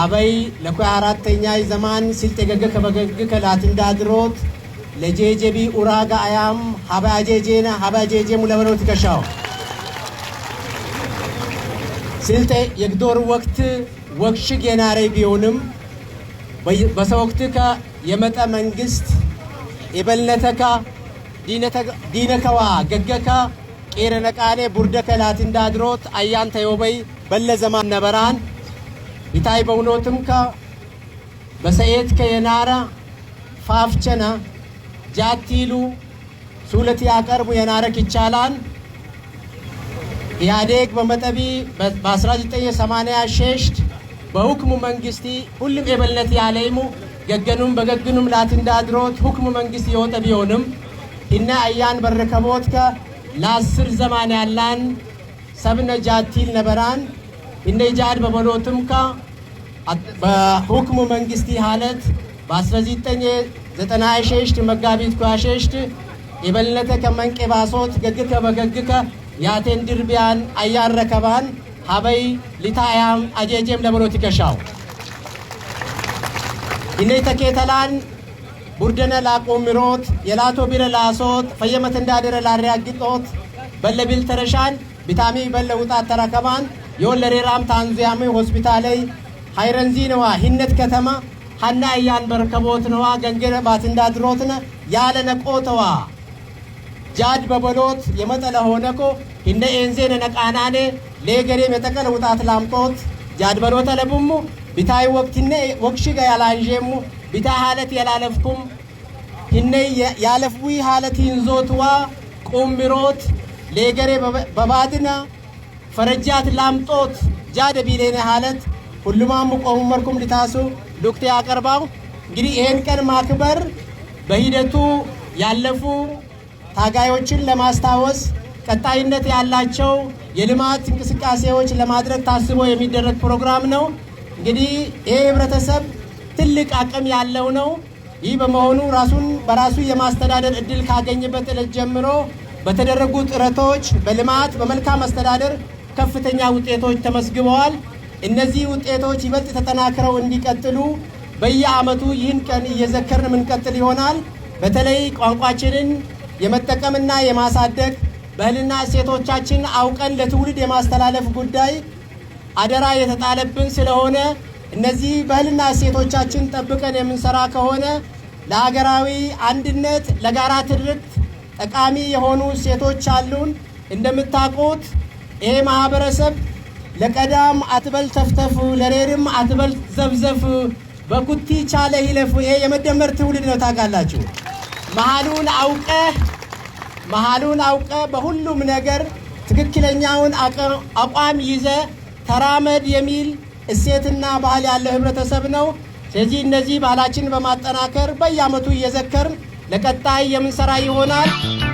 አበይ ለኮይ አራተኛ ዘማን ሲልጤገገ ከበገግ ከላት እንዳድሮት ለጄጄቢ ኡራጋ አያም ሀባጄጄና ሀባጄጄ ሙለበለው ትከሻው ስልጤ የግዶር ወቅት ወክሽግ የናሬ ቢሆንም በሰው ወቅት ከ የመጠ መንግስት የበልነተካ ዲነከዋ ገገካ ቄረነቃኔ ቡርደከ ላት እንዳድሮት አያንተ ዮበይ በለ ዘማን ነበራን ඉතයි බවුණෝතුම්ක በሰኤትከ የናራ ፋፍቸና ጃቲሉ ሱለት ያቀርቡ የናረክ ይቻላል ኢህአዴግ በመጠቢ በ1986 በሁክሙ መንግስቲ ሁሉም የበልነት ያለይሙ ገገኑም በገግኑም ላት እንዳድሮት ሁክሙ መንግስት የወጠ ቢሆንም እና አያን በረከቦትከ ለአስር ዘማን ያላን ሰብነ ጃቲል ነበራን እነ ኢጃድ በመሎትምካ በሁክሙ መንግስቲ ሀለት በ1996 መጋቢት ኳሸሽት የበለተ ከመንቄ ባሶት ገግከ በገግከ ያቴን ድርቢያን አያረከባን ሀበይ ሊታያም አጄጄም ለበሎት ይከሻው እነ ተኬተላን ቡርደነ ላቆሚሮት የላቶ ቢረ ላሶት ፈየመት እንዳደረ ላሪያግጦት በለቢል ተረሻን ቢታሚ በለውጣት ተረከባን የወለሬራም ሆስፒታል ላይ ሃይረንዚ ነዋ ሂነት ከተማ ሀና እያን በርከቦት ነዋ ገንገረ ባትንዳድሮትነ ያለ ነቆተዋ ጃድ በበሎት የመጠለ ሆነኮ ሂነ ኤንዜነ ነቃናኔ ሌገሬም የጠቀለ ውጣት ላምቆት ጃድ በሎተ ለቡሙ ቢታይ ወቅትነ ወቅሽገ ያላንዤሙ ቢታ ሀለት የላለፍኩም ሂነ ያለፍዊ ሀለት ሂንዞትዋ ቁምቢሮት ሌገሬ በባድና ፈረጃት ላምጦት ጃደ ቢሌነ ሀለት ሁሉማም ቆሙ መርኩም ሊታሱ ዱክቴ ያቀርባው እንግዲህ ይሄን ቀን ማክበር በሂደቱ ያለፉ ታጋዮችን ለማስታወስ ቀጣይነት ያላቸው የልማት እንቅስቃሴዎች ለማድረግ ታስቦ የሚደረግ ፕሮግራም ነው። እንግዲህ ይህ ህብረተሰብ ትልቅ አቅም ያለው ነው። ይህ በመሆኑ ራሱን በራሱ የማስተዳደር እድል ካገኘበት ዕለት ጀምሮ በተደረጉ ጥረቶች በልማት በመልካም አስተዳደር ከፍተኛ ውጤቶች ተመስግበዋል። እነዚህ ውጤቶች ይበልጥ ተጠናክረው እንዲቀጥሉ በየዓመቱ ይህን ቀን እየዘከርን ምንቀጥል ይሆናል። በተለይ ቋንቋችንን የመጠቀምና የማሳደግ ባህልና እሴቶቻችን አውቀን ለትውልድ የማስተላለፍ ጉዳይ አደራ የተጣለብን ስለሆነ እነዚህ ባህልና እሴቶቻችን ጠብቀን የምንሰራ ከሆነ ለሀገራዊ አንድነት፣ ለጋራ ትርክት ጠቃሚ የሆኑ እሴቶች አሉን። እንደምታውቁት ይሄ ማህበረሰብ ለቀዳም አትበል ተፍተፉ ለሬድም አትበል ዘፍዘፍ፣ በኩቲ ቻለ ሂለፍ። ይሄ የመደመር ትውልድ ነው። ታውቃላችሁ መሀሉን አውቀ መሀሉን አውቀ በሁሉም ነገር ትክክለኛውን አቋም ይዘ ተራመድ የሚል እሴትና ባህል ያለው ህብረተሰብ ነው። ስለዚህ እነዚህ ባህላችን በማጠናከር በየዓመቱ እየዘከርን ለቀጣይ የምንሰራ ይሆናል።